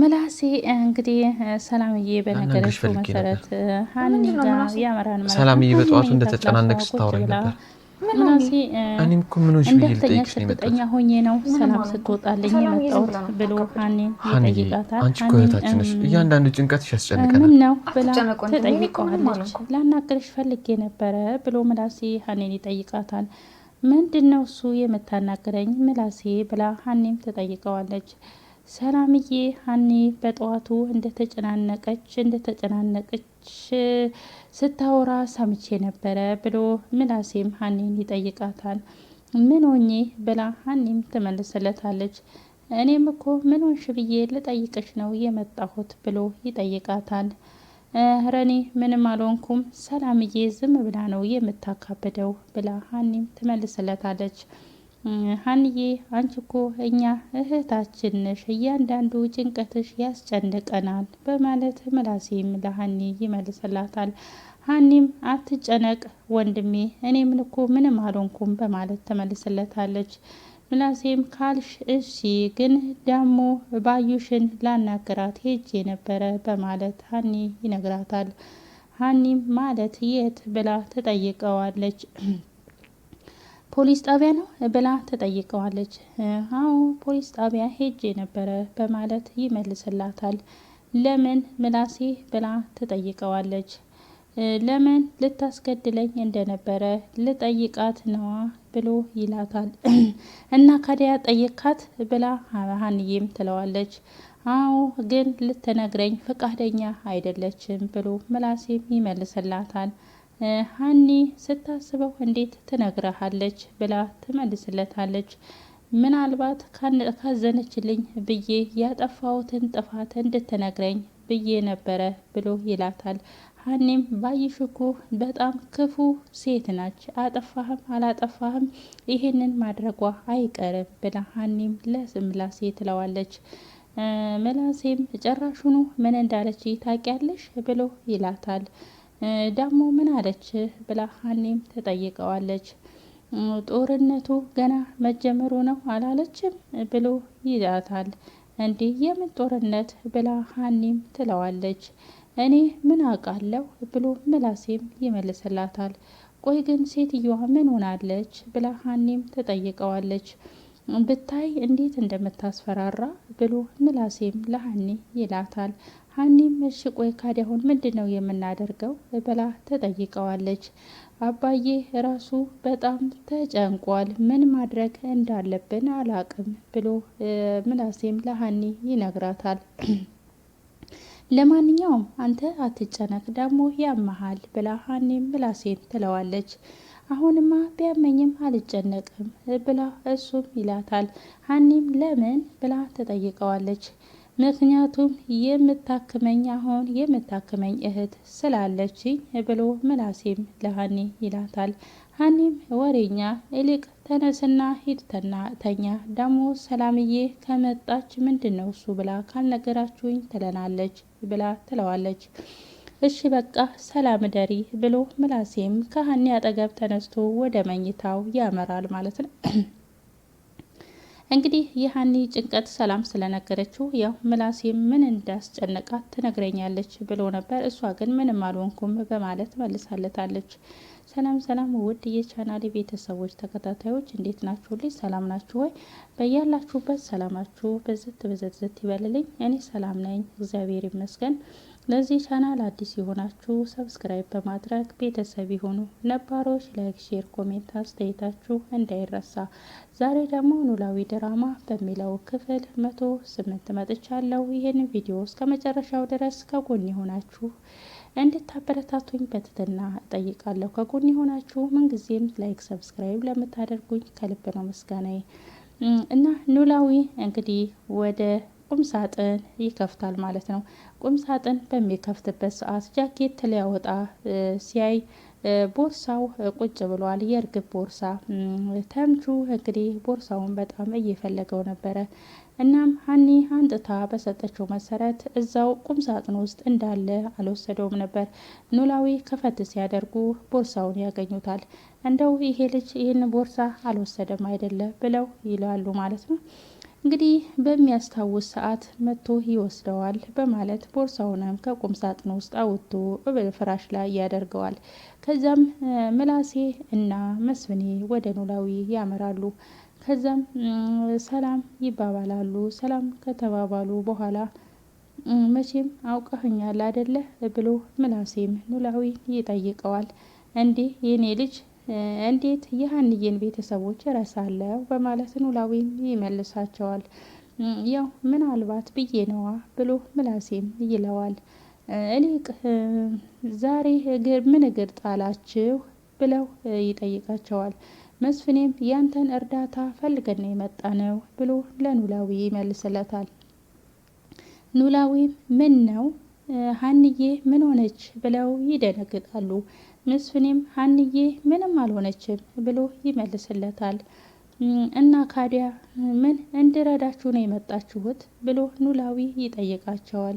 ምላሴ እንግዲህ ሰላምዬ በነገረችው መሰረት ሀኒጋ ያመራን ሰላምዬ በጠዋቱ እንደተጨናነቅ ስታወራኝ ነበር። ምላሴ እንደተኛ እርግጠኛ ሆኜ ነው ሰላም ስትወጣልኝ የመጣሁት ብሎ ሀኒን ይጠይቃታል። አንቺ እኮ እህታችን ነሽ፣ እያንዳንዱ ጭንቀትሽ ያስጨንቀናል። ምን ነው ብላ ተጠይቀዋለች። ላናግርሽ ፈልጌ ነበረ ብሎ ምላሴ ሀኒን ይጠይቃታል። ምንድን ነው እሱ የምታናግረኝ ምላሴ ብላ ሀኔም ተጠይቀዋለች። ሰላምዬ ሀኒ በጠዋቱ እንደተጨናነቀች እንደተጨናነቀች ስታወራ ሰምቼ ነበረ ብሎ ምላሴም ሀኒን ይጠይቃታል። ምን ሆኜ ብላ ሀኒም ትመልስለታለች። እኔም እኮ ምን ሆንሽ ብዬ ልጠይቅሽ ነው የመጣሁት ብሎ ይጠይቃታል። ረኔ ምንም አልሆንኩም፣ ሰላምዬ ዝም ብላ ነው የምታካብደው ብላ ሀኒም ትመልስለታለች። ሀንዬ አንቺ እኮ እኛ እህታችን ነሽ፣ እያንዳንዱ ጭንቀትሽ ያስጨንቀናል በማለት ምላሴም ለሀኒ ይመልስላታል። ሀኒም አትጨነቅ ወንድሜ፣ እኔ ምን እኮ ምንም አልሆንኩም በማለት ተመልስለታለች። ምላሴም ካልሽ እሺ፣ ግን ዳሞ ባዩሽን ላናገራት ሄጄ ነበረ በማለት ሀኒ ይነግራታል። ሀኒም ማለት የት ብላ ትጠይቀዋለች። ፖሊስ ጣቢያ ነው ብላ ተጠይቀዋለች። አዎ ፖሊስ ጣቢያ ሄጄ ነበረ በማለት ይመልስላታል። ለምን ምላሴ ብላ ትጠይቀዋለች። ለምን ልታስገድለኝ እንደነበረ ልጠይቃት ነዋ ብሎ ይላታል። እና ካዲያ ጠየካት ብላ ሀንዬም ትለዋለች። አዎ ግን ልትነግረኝ ፈቃደኛ አይደለችም ብሎ ምላሴም ይመልስላታል። ሀኒ ስታስበው እንዴት ትነግረሃለች ብላ ትመልስለታለች። ምናልባት ካዘነችልኝ ብዬ ያጠፋሁትን ጥፋት እንድትነግረኝ ብዬ ነበረ ብሎ ይላታል። ሀኒም ባይሽ እኮ በጣም ክፉ ሴት ናች፣ አጠፋህም አላጠፋህም ይሄንን ማድረጓ አይቀርም ብላ ሀኒም ለስላሴ ትለዋለች። ምላሴም ጨራሹኑ ምን እንዳለች ታውቂያለሽ ብሎ ይላታል። ደግሞ ምን አለችህ ብላ ሀኔም ትጠይቀዋለች። ጦርነቱ ገና መጀመሩ ነው አላለችም ብሎ ይላታል። እንዲህ የምን ጦርነት ብላ ሀኔም ትለዋለች። እኔ ምን አውቃለሁ ብሎ ምላሴም ይመልስላታል። ቆይ ግን ሴትየዋ ምን ሆናለች ብላ ሀኔም ትጠይቀዋለች። ብታይ እንዴት እንደምታስፈራራ ብሎ ምላሴም ለሀኒ ይላታል። ሀኒም እሺ ቆይ ካዲያሁን ምንድን ነው የምናደርገው ብላ ተጠይቀዋለች። አባዬ ራሱ በጣም ተጨንቋል፣ ምን ማድረግ እንዳለብን አላቅም ብሎ ምላሴም ለሀኒ ይነግራታል። ለማንኛውም አንተ አትጨነቅ፣ ደግሞ ያመሃል ብላ ሀኒም ምላሴን ትለዋለች። አሁንማ ቢያመኝም አልጨነቅም ብላ እሱም ይላታል። ሀኒም ለምን ብላ ትጠይቀዋለች። ምክንያቱም የምታክመኝ አሁን የምታክመኝ እህት ስላለችኝ ብሎ ምላሴም ለሀኒ ይላታል። ሀኒም ወሬኛ እልቅ ተነስና ሂድተና ተኛ ደግሞ ሰላምዬ ከመጣች ምንድን ነው እሱ ብላ ካልነገራችሁኝ ትለናለች ብላ ትለዋለች። እሺ በቃ ሰላም ደሪ ብሎ ምላሴም ከሀኒ አጠገብ ተነስቶ ወደ መኝታው ያመራል ማለት ነው። እንግዲህ የሀኒ ጭንቀት ሰላም ስለነገረችው ያው ምላሴም ምን እንዳስጨነቃት ትነግረኛለች ብሎ ነበር። እሷ ግን ምንም አልሆንኩም በማለት መልሳለታለች። ሰላም ሰላም ውድ የቻናሌ ቤተሰቦች ተከታታዮች እንዴት ልጅ ሰላም ናችሁ ወይ? በያላችሁበት ሰላማችሁ ብዝት ብዝት ይበልልኝ። እኔ ሰላም ነኝ፣ እግዚአብሔር ይመስገን። ለዚህ ቻናል አዲስ የሆናችሁ ሰብስክራይብ በማድረግ ቤተሰብ የሆኑ ነባሮች ላይክ፣ ሼር፣ ኮሜንት አስተያየታችሁ እንዳይረሳ። ዛሬ ደግሞ ኖላዊ ድራማ በሚለው ክፍል መቶ ስምንት መጥቻለሁ። ይህን ቪዲዮ እስከ መጨረሻው ድረስ ከጎን የሆናችሁ እንድታበረታቱኝ በትህትና እጠይቃለሁ። ከጎን የሆናችሁ ምንጊዜም ላይክ፣ ሰብስክራይብ ለምታደርጉኝ ከልብ ነው ምስጋናዬ እና ኖላዊ እንግዲህ ወደ ቁም ሳጥን ይከፍታል ማለት ነው። ቁም ሳጥን በሚከፍትበት ሰዓት ጃኬት ተለያወጣ ሲያይ ቦርሳው ቁጭ ብሏል። የእርግብ ቦርሳ ተምቹ እንግዲህ ቦርሳውን በጣም እየፈለገው ነበረ። እናም ሀኒ አንጥታ በሰጠችው መሰረት እዛው ቁም ሳጥን ውስጥ እንዳለ አልወሰደውም ነበር። ኖላዊ ከፈት ሲያደርጉ ቦርሳውን ያገኙታል። እንደው ይሄ ልጅ ይህን ቦርሳ አልወሰደም አይደለ ብለው ይላሉ ማለት ነው። እንግዲህ በሚያስታውስ ሰዓት መጥቶ ይወስደዋል በማለት ቦርሳውንም ከቁም ሳጥን ውስጥ አውጥቶ ፍራሽ ላይ ያደርገዋል። ከዛም ምላሴ እና መስፍኔ ወደ ኖላዊ ያመራሉ። ከዛም ሰላም ይባባላሉ። ሰላም ከተባባሉ በኋላ መቼም አውቀኸኛል አደለ ብሎ ምላሴም ኖላዊ ይጠይቀዋል። እንዲህ የኔ ልጅ እንዴት የሀንዬን ቤተሰቦች እረሳለሁ በማለት ኖላዊም ይመልሳቸዋል። ያው ምናልባት ብዬ ነዋ ብሎ ምላሴም ይለዋል። እኔ ዛሬ ምን እግር ጣላችሁ ብለው ይጠይቃቸዋል። መስፍኔም ያንተን እርዳታ ፈልገን የመጣ ነው ብሎ ለኑላዊ ይመልስለታል። ኑላዊም ምን ነው ሀንዬ ምን ሆነች ብለው ይደነግጣሉ። መስፍኔም ሀንዬ ምንም አልሆነችም ብሎ ይመልስለታል። እና ካዲያ ምን እንድረዳችሁ ነው የመጣችሁት ብሎ ኑላዊ ይጠይቃቸዋል።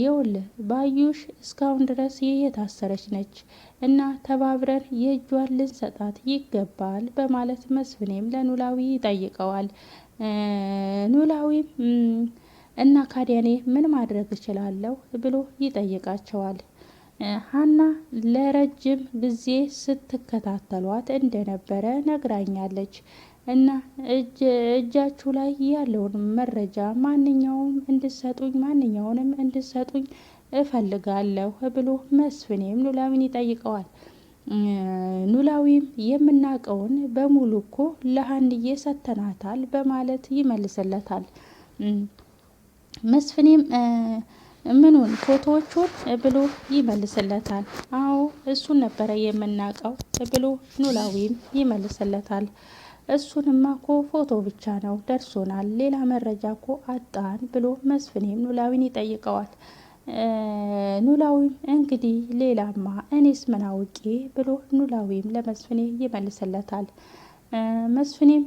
የውል ባዩሽ እስካሁን ድረስ የታሰረች ነች እና ተባብረን የእጇን ልንሰጣት ይገባል በማለት መስፍኔም ለኑላዊ ይጠይቀዋል። ኑላዊ እና ካዲያኔ ምን ማድረግ እችላለሁ ብሎ ይጠይቃቸዋል። ሀና ለረጅም ጊዜ ስትከታተሏት እንደነበረ ነግራኛለች እና እጃችሁ ላይ ያለውን መረጃ ማንኛውም እንድሰጡኝ ማንኛውንም እንድሰጡኝ እፈልጋለሁ ብሎ መስፍኔም ኑላዊን ይጠይቀዋል። ኑላዊም የምናውቀውን በሙሉ እኮ ለሀንዬ ሰተናታል በማለት ይመልስለታል። መስፍኔም ምኑን ፎቶዎቹን ብሎ ይመልስለታል። አዎ እሱን ነበረ የምናውቀው ብሎ ኖላዊም ይመልስለታል። እሱንማ ኮ ፎቶ ብቻ ነው ደርሶናል፣ ሌላ መረጃ ኮ አጣን ብሎ መስፍኔም ኖላዊን ይጠይቀዋል። ኖላዊም እንግዲህ ሌላማ እኔስ ምን አውቄ ብሎ ኖላዊም ለመስፍኔ ይመልስለታል። መስፍኔም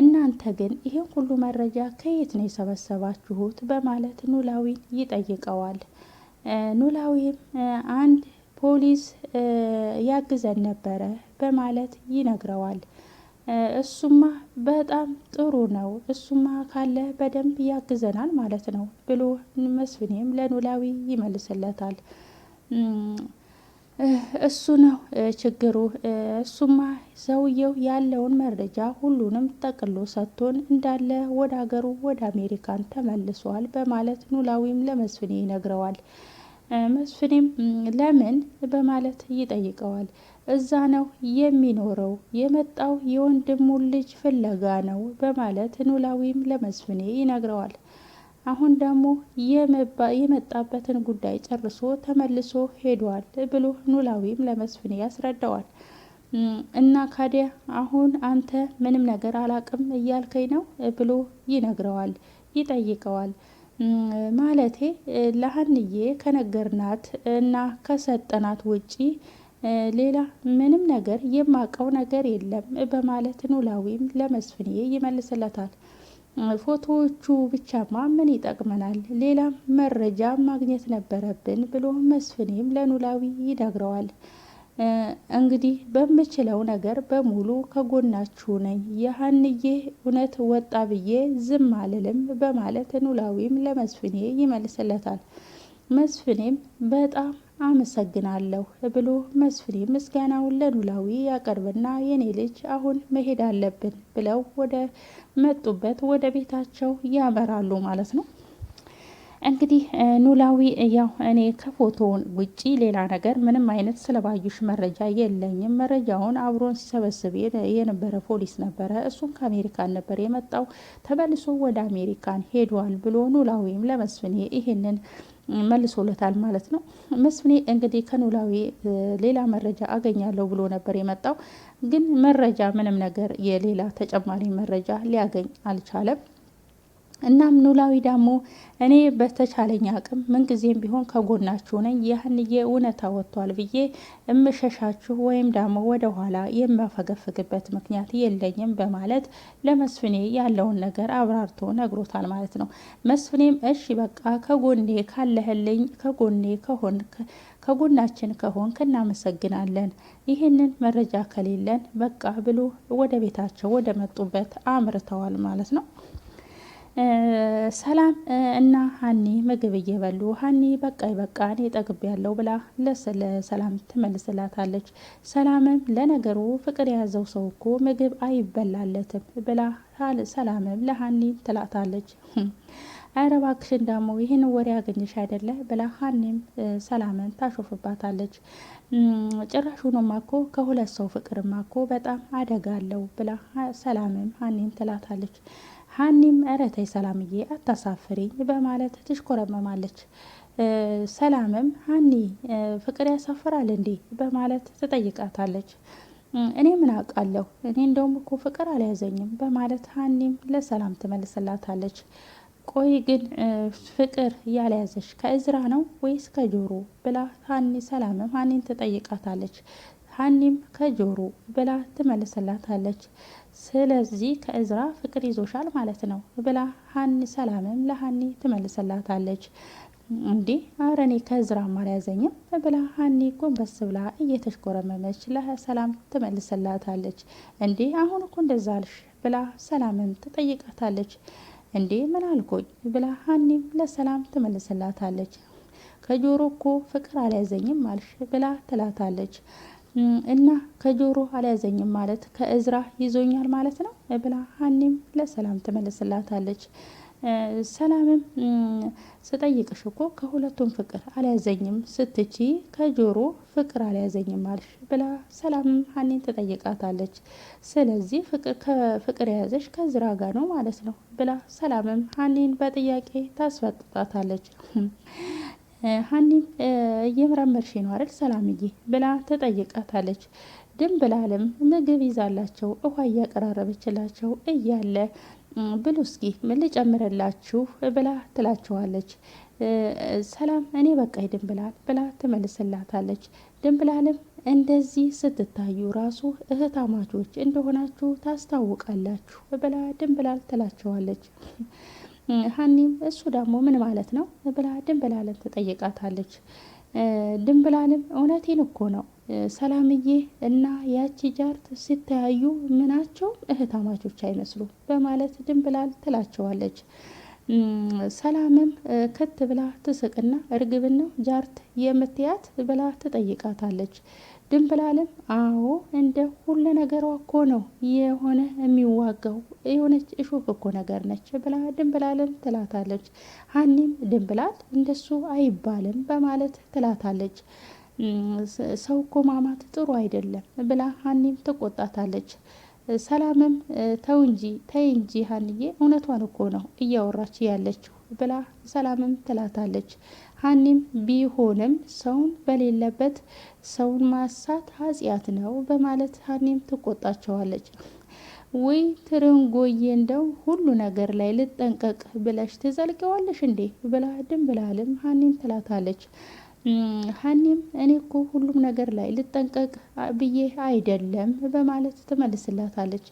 እናንተ ግን ይህን ሁሉ መረጃ ከየት ነው የሰበሰባችሁት? በማለት ኖላዊን ይጠይቀዋል። ኖላዊም አንድ ፖሊስ ያግዘን ነበረ በማለት ይነግረዋል። እሱማ በጣም ጥሩ ነው፣ እሱማ ካለ በደንብ ያግዘናል ማለት ነው ብሎ መስፍኔም ለኖላዊ ይመልስለታል። እሱ ነው ችግሩ። እሱማ ሰውየው ያለውን መረጃ ሁሉንም ጠቅሎ ሰጥቶን እንዳለ ወደ ሀገሩ ወደ አሜሪካን ተመልሷል በማለት ኖላዊም ለመስፍኔ ይነግረዋል። መስፍኔም ለምን በማለት ይጠይቀዋል። እዛ ነው የሚኖረው የመጣው የወንድሙን ልጅ ፍለጋ ነው በማለት ኖላዊም ለመስፍኔ ይነግረዋል። አሁን ደግሞ የመጣበትን ጉዳይ ጨርሶ ተመልሶ ሄዷል ብሎ ኖላዊም ለመስፍኔ ያስረዳዋል። እና ካዲያ አሁን አንተ ምንም ነገር አላቅም እያልከኝ ነው ብሎ ይነግረዋል፣ ይጠይቀዋል። ማለቴ ለሀንዬ ከነገርናት እና ከሰጠናት ውጪ ሌላ ምንም ነገር የማቀው ነገር የለም በማለት ኖላዊም ለመስፍኔ ይመልስለታል። ፎቶዎቹ ብቻማ ምን ይጠቅመናል? ሌላ መረጃ ማግኘት ነበረብን ብሎ መስፍኔም ለኑላዊ ይነግረዋል። እንግዲህ በምችለው ነገር በሙሉ ከጎናችሁ ነኝ፣ የሀንዬ እውነት ወጣ ብዬ ዝም አልልም በማለት ኑላዊም ለመስፍኔ ይመልስለታል። መስፍኔም በጣም አመሰግናለሁ ብሎ መስፍኔ ምስጋናውን ለኑላዊ ያቀርብና የኔ ልጅ አሁን መሄድ አለብን ብለው ወደ መጡበት ወደ ቤታቸው ያመራሉ ማለት ነው። እንግዲህ ኖላዊ ያው እኔ ከፎቶውን ውጪ ሌላ ነገር ምንም አይነት ስለ ባዩሽ መረጃ የለኝም። መረጃውን አብሮን ሲሰበስብ የነበረ ፖሊስ ነበረ። እሱም ከአሜሪካን ነበር የመጣው ተመልሶ ወደ አሜሪካን ሄዷል ብሎ ኖላዊም ለመስፍኔ ይሄንን መልሶለታል ማለት ነው። መስፍኔ እንግዲህ ከኖላዊ ሌላ መረጃ አገኛለሁ ብሎ ነበር የመጣው፣ ግን መረጃ ምንም ነገር የሌላ ተጨማሪ መረጃ ሊያገኝ አልቻለም። እናም ኖላዊ ደግሞ እኔ በተቻለኝ አቅም ምንጊዜም ቢሆን ከጎናችሁ ነኝ፣ ያህንዬ እውነታ ወጥቷል ብዬ እምሸሻችሁ ወይም ደግሞ ወደ ኋላ የማፈገፍግበት ምክንያት የለኝም በማለት ለመስፍኔ ያለውን ነገር አብራርቶ ነግሮታል ማለት ነው። መስፍኔም እሺ በቃ ከጎኔ ካለህልኝ ከጎኔ ከሆን ከጎናችን ከሆንክ እናመሰግናለን፣ ይህንን መረጃ ከሌለን በቃ ብሎ ወደ ቤታቸው ወደ መጡበት አምርተዋል ማለት ነው። ሰላም እና ሀኒ ምግብ እየበሉ ሀኒ በቃ በቃ እኔ ጠግብ ያለው ብላ ለሰላም ትመልስላታለች። ሰላምም ለነገሩ ፍቅር የያዘው ሰው እኮ ምግብ አይበላለትም ብላ ሰላምም ለሀኒ ትላታለች። ኧረ እባክሽን ደግሞ ይህን ወሬ አገኘሽ አይደለ ብላ ሀኒም ሰላምን ታሾፍባታለች። ጭራሹንማ እኮ ከሁለት ሰው ፍቅርማ እኮ በጣም አደጋ አለው ብላ ሰላምም ሀኒም ትላታለች። ሀኒም ኧረ ተይ ሰላምዬ አታሳፍሪኝ በማለት ትሽኮረመማለች። ሰላምም ሀኒ ፍቅር ያሳፍራል እንዴ በማለት ትጠይቃታለች። እኔ ምን አውቃለሁ እኔ እንደውም እኮ ፍቅር አልያዘኝም በማለት ሀኒም ለሰላም ትመልስላታለች። ቆይ ግን ፍቅር ያለያዘሽ ከእዝራ ነው ወይስ ከጆሮ ብላ ሀኒ ሰላምም ሀኒን ትጠይቃታለች። ሀኒም ከጆሮ ብላ ትመልስላታለች። ስለዚህ ከእዝራ ፍቅር ይዞሻል ማለት ነው ብላ ሀኒ ሰላምም ለሀኒ ትመልስላታለች። እንዴ አረ እኔ ከእዝራም አልያዘኝም ብላ ሀኒ ጎንበስ ብላ እየተሽኮረመመች ለሰላም ትመልስላታለች። እንዴ አሁን እኮ እንደዛ አልሽ ብላ ሰላምም ትጠይቃታለች። እንዴ ምን አልኩኝ ብላ ሀኒም ለሰላም ትመልስላታለች። ከጆሮ እኮ ፍቅር አልያዘኝም አልሽ ብላ ትላታለች። እና ከጆሮ አልያዘኝም ማለት ከእዝራ ይዞኛል ማለት ነው ብላ ሀኒም ለሰላም ትመልስላታለች። ሰላምም ስጠይቅሽ እኮ ከሁለቱም ፍቅር አልያዘኝም ስትቺ ከጆሮ ፍቅር አልያዘኝም አልሽ ብላ ሰላምም ሀኒን ትጠይቃታለች። ስለዚህ ከፍቅር የያዘሽ ከእዝራ ጋር ነው ማለት ነው ብላ ሰላምም ሀኒን በጥያቄ ታስፈጥጣታለች። ሀኒም እየመረመርሽ ነው አይደል ሰላምዬ ብላ ተጠይቃታለች። ድንብላልም ምግብ ይዛላቸው ውሃ እያቀራረበችላቸው እያለ ብሉ እስኪ ምን ልጨምርላችሁ ብላ ትላችኋለች። ሰላም እኔ በቃ ድንብላል ብላ ትመልስላታለች። ድንብላልም እንደዚህ ስትታዩ ራሱ እህታማቾች እንደሆናችሁ ታስታውቃላችሁ ብላ ድንብላል ትላችኋለች። ሀኒም እሱ ደግሞ ምን ማለት ነው ብላ ድንብላልን ትጠይቃታለች። ድንብላልም እውነቴን እኮ ነው ሰላምዬ እና ያቺ ጃርት ሲተያዩ ምናቸውም እህታማቾች አይመስሉም በማለት ድንብላል ትላቸዋለች። ሰላምም ከት ብላ ትስቅና እርግብን ነው ጃርት የምትያት ብላ ትጠይቃታለች። ድንብላለም አዎ እንደ ሁለ ነገሯ እኮ ነው የሆነ የሚዋጋው የሆነች እሾክ እኮ ነገር ነች ብላ ድንብላለም ትላታለች። ሀኒም ድንብላል እንደሱ አይባልም በማለት ትላታለች። ሰው እኮ ማማት ጥሩ አይደለም ብላ ሀኒም ትቆጣታለች። ሰላምም ተው እንጂ ተይ እንጂ ሀንዬ እውነቷን እኮ ነው እያወራች ያለችው ብላ ሰላምም ትላታለች። ሀኒም ቢሆንም ሰውን በሌለበት ሰውን ማሳት ኃጢአት ነው በማለት ሀኒም ትቆጣቸዋለች። ወይ ትርንጎዬ እንደው ሁሉ ነገር ላይ ልጠንቀቅ ብለሽ ትዘልቀዋለሽ እንዴ ብላ ድም ብላልም ሀኒም ትላታለች። ሀኒም እኔ እኮ ሁሉም ነገር ላይ ልጠንቀቅ ብዬ አይደለም በማለት ትመልስላታለች።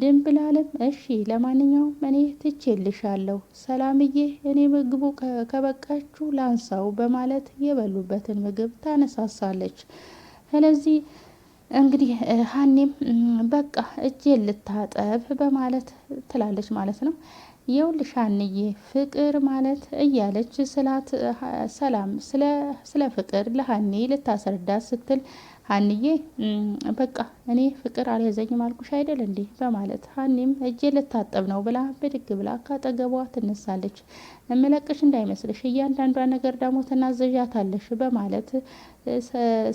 ድንብላልም እሺ ለማንኛውም እኔ ትቼልሻለሁ ሰላምዬ፣ እኔ ምግቡ ከበቃችሁ ላንሳው በማለት የበሉበትን ምግብ ታነሳሳለች። ስለዚህ እንግዲህ ሀኔም በቃ እጄ ልታጠብ በማለት ትላለች ማለት ነው። የውልሽ ሀንዬ ፍቅር ማለት እያለች ስላት ሰላም ስለ ፍቅር ለሀኔ ልታስረዳት ስትል ሀንዬ በቃ እኔ ፍቅር አልያዘኝም አልኩሽ አይደል እንዴ በማለት ሀኒም እጄ ልታጠብ ነው ብላ ብድግ ብላ ካጠገቧ ትነሳለች። እምለቅሽ እንዳይመስልሽ እያንዳንዷ ነገር ደግሞ ትናዘዣታለሽ በማለት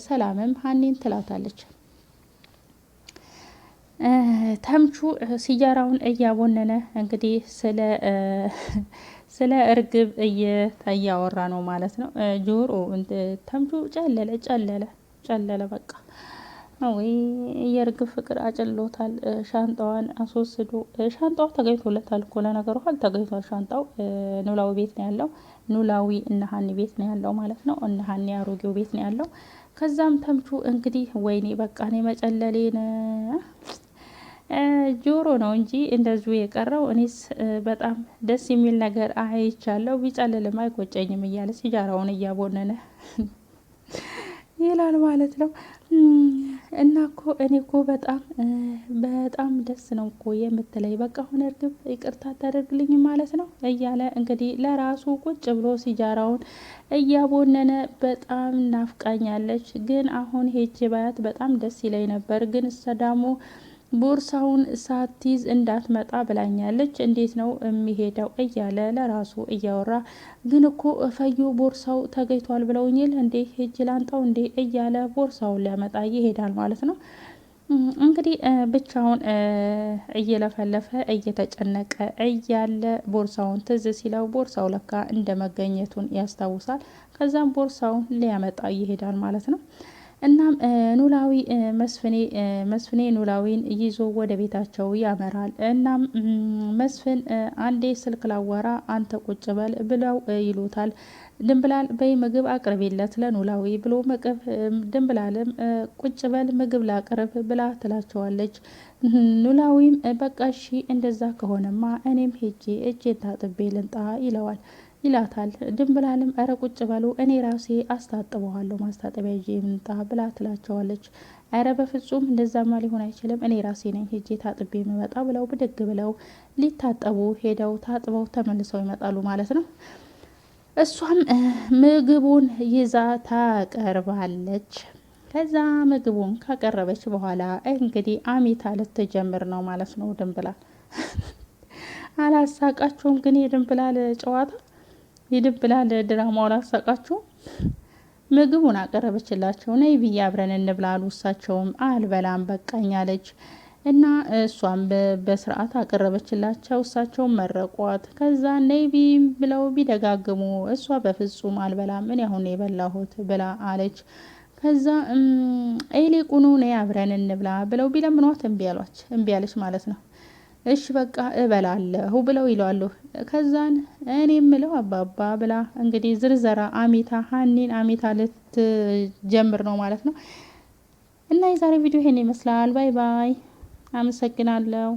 ሰላምም ሀኒን ትላታለች። ተምቹ ሲጃራውን እያቦነነ እንግዲህ ስለ ስለ እርግብ እየታያወራ ነው ማለት ነው። ጆሮ ተምቹ ጨለለ ጨለለ ጨለለ በቃ። ወይ የእርግብ ፍቅር አጭሎታል። ሻንጣዋን አስወስዶ ሻንጣዋ ተገኝቶለታል እኮ ለነገሩ ኋል ተገኝቷል። ሻንጣው ኑላዊ ቤት ነው ያለው። ኑላዊ እነ ቤት ነው ያለው ማለት ነው። እነ አሮጌው ቤት ነው ያለው። ከዛም ተምቹ እንግዲህ ወይኔ በቃ እኔ መጨለሌን ጆሮ ነው እንጂ እንደዚሁ የቀረው እኔስ በጣም ደስ የሚል ነገር አይቻለሁ፣ ቢጨልልም አይቆጨኝም እያለ ሲጃራውን እያቦነነ ይላል ማለት ነው። እና እኮ እኔ እኮ በጣም በጣም ደስ ነው እኮ የምትለይ በቃ አሁን እርግብ ይቅርታ ታደርግልኝ ማለት ነው እያለ እንግዲህ ለራሱ ቁጭ ብሎ ሲጃራውን እያቦነነ በጣም ናፍቃኛለች፣ ግን አሁን ሄጄ ባያት በጣም ደስ ይለኝ ነበር ግን እሷ ደግሞ ቦርሳውን ሳትይዝ እንዳትመጣ ብላኛለች። እንዴት ነው የሚሄደው እያለ ለራሱ እያወራ ግን እኮ ፈዩ ቦርሳው ተገኝቷል ብለውኝል እንዴ ሂጅ ላንጣው እንዴ እያለ ቦርሳውን ሊያመጣ ይሄዳል ማለት ነው። እንግዲህ ብቻውን እየለፈለፈ እየተጨነቀ እያለ ቦርሳውን ትዝ ሲለው ቦርሳው ለካ እንደመገኘቱን ያስታውሳል። ከዛም ቦርሳውን ሊያመጣ ይሄዳል ማለት ነው። እናም ኖላዊ መስፍኔ መስፍኔ ኖላዊን ይዞ ወደ ቤታቸው ያመራል። እናም መስፍን አንዴ ስልክ ላወራ አንተ ቁጭ በል ብለው ይሉታል። ድንብላል በይ ምግብ አቅርቤለት ለኖላዊ ብሎ መቅብ ድንብላልም ቁጭ በል ምግብ ላቅርብ ብላ ትላቸዋለች። ኖላዊም በቃ እሺ እንደዛ ከሆነማ እኔም ሄጄ እጄን ታጥቤ ልንጣ ይለዋል። ይላታል። ድንብላልም እረ ቁጭ በሉ እኔ ራሴ አስታጥበዋለሁ ማስታጠቢያ ይዤ የምንጣ ብላ ትላቸዋለች። እረ በፍጹም እንደዛማ ሊሆን አይችልም እኔ ራሴ ነኝ ሄጄ ታጥቤ የምመጣ ብለው ብድግ ብለው ሊታጠቡ ሄደው ታጥበው ተመልሰው ይመጣሉ ማለት ነው። እሷም ምግቡን ይዛ ታቀርባለች። ከዛ ምግቡን ካቀረበች በኋላ እንግዲህ አሚታ ልትጀምር ነው ማለት ነው ድንብላል አላሳቃቸውም ግን የድንብላል ጨዋታ ሂድብ ብላ ለድራማው ላሳቃችሁ ምግቡን አቀረበችላቸው። ነይ ብዬ አብረን እንብላሉ። እሳቸውም አልበላም በቃኝ አለች እና እሷም በስርዓት አቀረበችላቸው። እሳቸው መረቋት። ከዛ ነይ ቢ ብለው ቢደጋግሙ እሷ በፍጹም አልበላም እኔ አሁን የበላሁት ብላ አለች። ከዛ ኤሌቁኑ ነይ አብረን እንብላ ብለው ቢለምኗት እምቢ አሏች እምቢ አለች ማለት ነው። እሺ በቃ እበላለሁ ብለው ይለዋሉ። ከዛን እኔ የምለው አባባ ብላ እንግዲህ ዝርዘራ አሚታ ሀኒን አሚታ ልትጀምር ነው ማለት ነው። እና የዛሬ ቪዲዮ ይሄን ይመስላል። ባይ ባይ። አመሰግናለሁ።